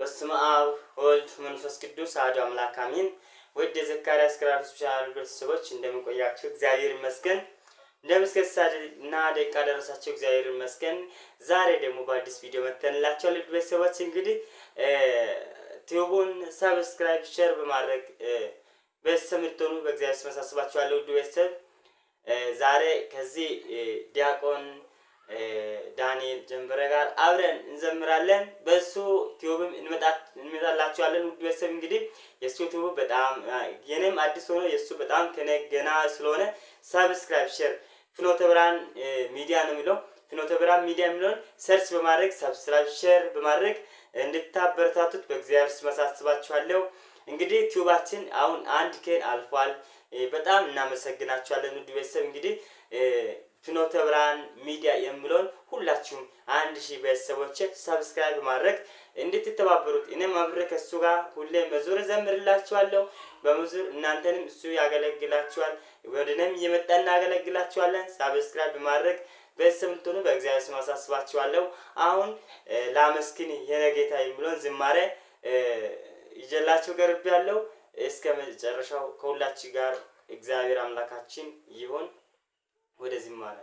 በስመ አብ ወልድ መንፈስ ቅዱስ አሐዱ አምላክ አሜን። ውድ የዘካርያስ ክራር ስፔሻል ቤተሰቦች እንደምንቆያቸው እግዚአብሔር ይመስገን። እንደምስከሳ እና ደቂቃ ደረሳቸው እግዚአብሔር ይመስገን። ዛሬ ደግሞ በአዲስ ቪዲዮ መተንላቸው ልድ ቤተሰቦች እንግዲህ ቲዩቡን ሰብስክራይብ፣ ሸር በማድረግ ቤተሰብ እንድትሆኑ በእግዚአብሔር ስመሳስባቸዋለሁ። ውድ ቤተሰብ ዛሬ ከዚህ ዲያቆን ዳንኤል ጀንበረ ጋር አብረን እንዘምራለን። በሱ ቲዩብም እንመጣላችኋለን። ውድ ቤተሰብ እንግዲህ የሱ ቲዩብ በጣም የኔም አዲስ ሆኖ የሱ በጣም ከኔ ገና ስለሆነ ሰብስክራይብ፣ ሼር ፍኖተ ብርሃን ሚዲያ ነው የሚለው ፍኖተ ብርሃን ሚዲያ የሚለውን ሰርች በማድረግ ሰብስክራይብ፣ ሼር በማድረግ እንድታበረታቱት በእግዚአብሔር ስም አሳስባችኋለሁ። እንግዲህ ቲዩባችን አሁን አንድ ኬን አልፏል። በጣም እናመሰግናችኋለን ውድ ቤተሰብ እንግዲህ ፍኖተ ብርሃን ሚዲያ የሚለውን ሁላችሁም አንድ ሺህ ቤተሰቦች ሰብስክራይብ ማድረግ እንድትተባበሩት እኔም አብሬ ከሱ ጋር ሁሌ መዙር ዘምርላችኋለሁ። በመዙር እናንተንም እሱ ያገለግላችኋል። ወደኔም እየመጣ እናገለግላችኋለን። ሰብስክራይብ ማድረግ በስምንቱኑ በእግዚአብሔር ስም አሳስባችኋለሁ። አሁን ላመስግን የነጌታ ጌታ የሚለውን ዝማሬ ይዤላችሁ ቀርቤያለሁ። እስከ መጨረሻው ከሁላችሁ ጋር እግዚአብሔር አምላካችን ይሁን። Urazimana.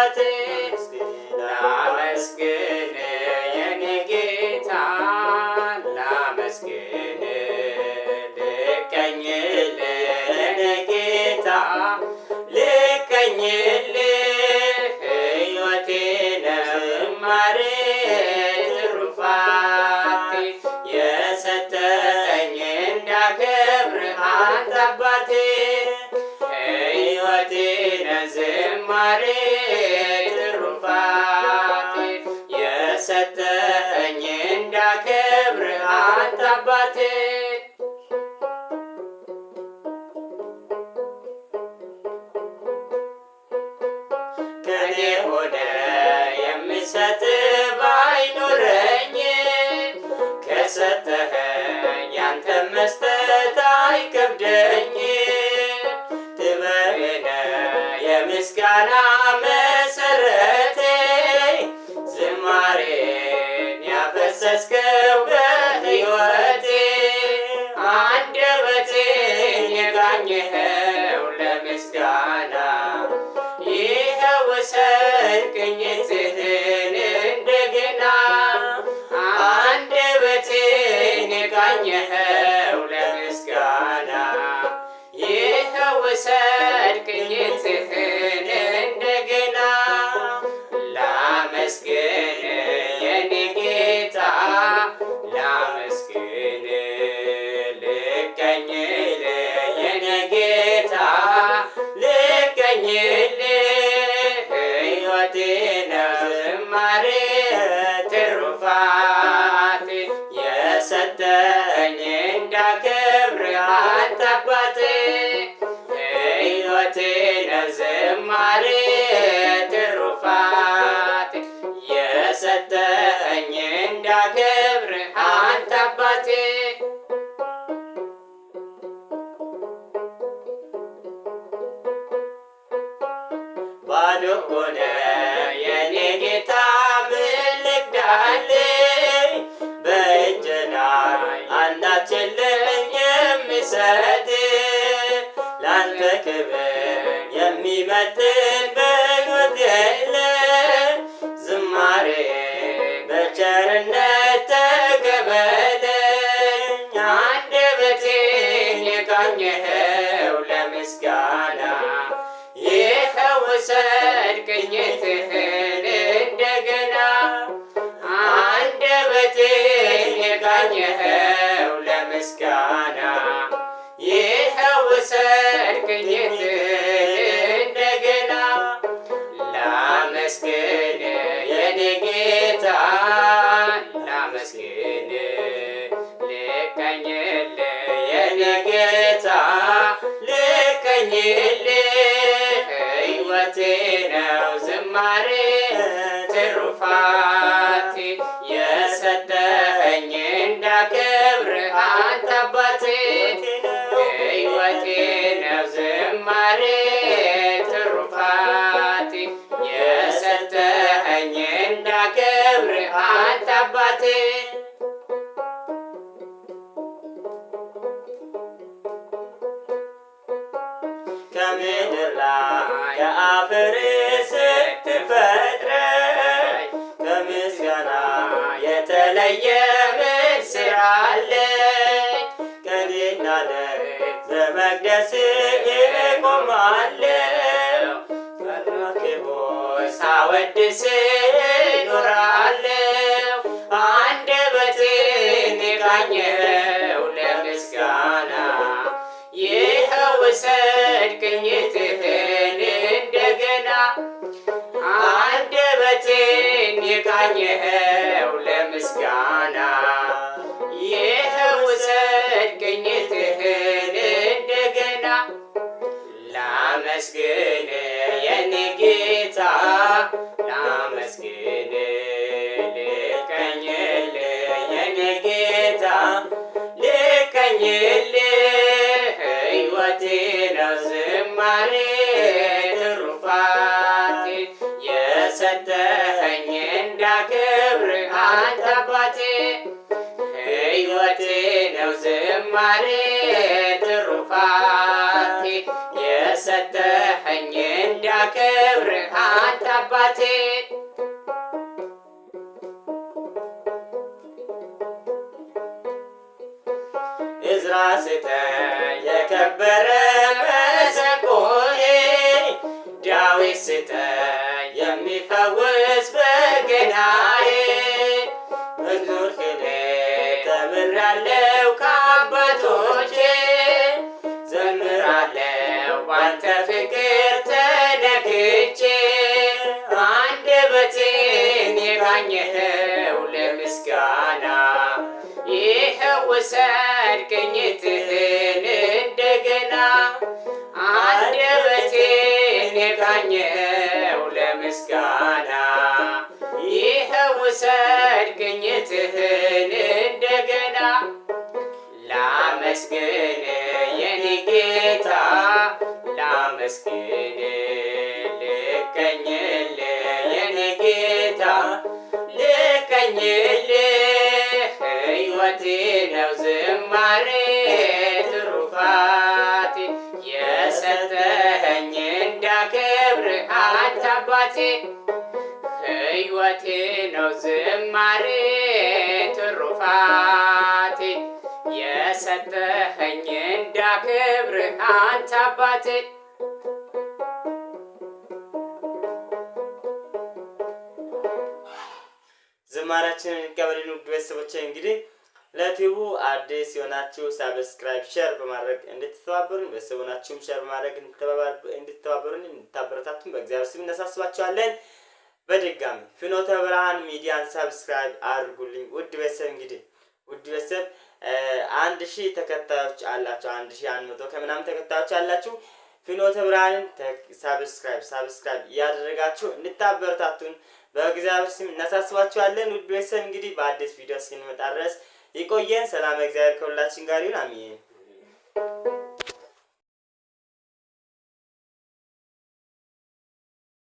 Shabbat the ዳኝኸው ለምስጋና ዝማሬ ትሩፋቴ የሰጠኝ እንዳከብር አንተ ሕይወቴ ለዝማሬ ይሰጥ ላንተ ክብር ላመስግን ልቀኝል የኔ ጌታ ልቀኝል ከምድር ላይ ከአፈር ስትፈጥረኝ ከምስጋና የተለየ ምን ስራ አለኝ? ቀንና ሌሊት በመቅደስህ እቆማለሁ ሳወድስህ አንደበቴን የቃኘህ አንተ አባቴ ሕይወቴ ነው ዝማሬ ትሩፋቴ የሰጠኸኝ እንዳከብር አንተ አባቴ እዝራ ስተ የከበረ መሰንቆዬ ዳዊት ስተ ባንተ ፍቅር ተነድቼ አንደበቴን የቃኘኸው ለምስጋና ይኸው ውሰድ ቅኝትህን እንደገና አንደበቴን የቃኘኸው ለምስጋና ይኸው ውሰድ ቅኝትህን ምስኪን ልከኝልህ የኔ ጌታ ልከኝልህ ሕይወቴ ነው ዝማሬ ትሩፋቴ የሰጠኸኝ እንዳከብር አንተ አባቴ ህይወቴ ነው ዝማሬ ትሩፋቴ የሰጠኸኝ እንዳከብር አንተ አባቴ መማራችንን እንቀበልን። ውድ ቤተሰቦቼ እንግዲህ ለቲቡ አዲስ የሆናችሁ ሳብስክራይብ፣ ሼር በማድረግ እንድትተባበሩን ቤተሰቦናችሁም ሸር በማድረግ እንድትተባበሩን እንድታበረታቱን በእግዚአብሔር ስም እነሳስባችኋለን። በድጋሚ ፍኖተ ብርሃን ሚዲያን ሰብስክራይብ አድርጉልኝ። ውድ ቤተሰብ እንግዲህ ውድ ቤተሰብ አንድ ሺህ ተከታዮች አላችሁ። አንድ ሺህ አንድ መቶ ከምናምን ተከታዮች አላችሁ። ፍኖተ ብርሃንን ሰብስክራይብ ሰብስክራይብ እያደረጋችሁ እንድታበረታቱን በእግዚአብሔር ስም እናሳስባችኋለን። ውድ ቤተሰብ እንግዲህ በአዲስ ቪዲዮ እስክንመጣ ድረስ ይቆየን። ሰላም እግዚአብሔር ከሁላችን ጋር ይሁን። አሜን።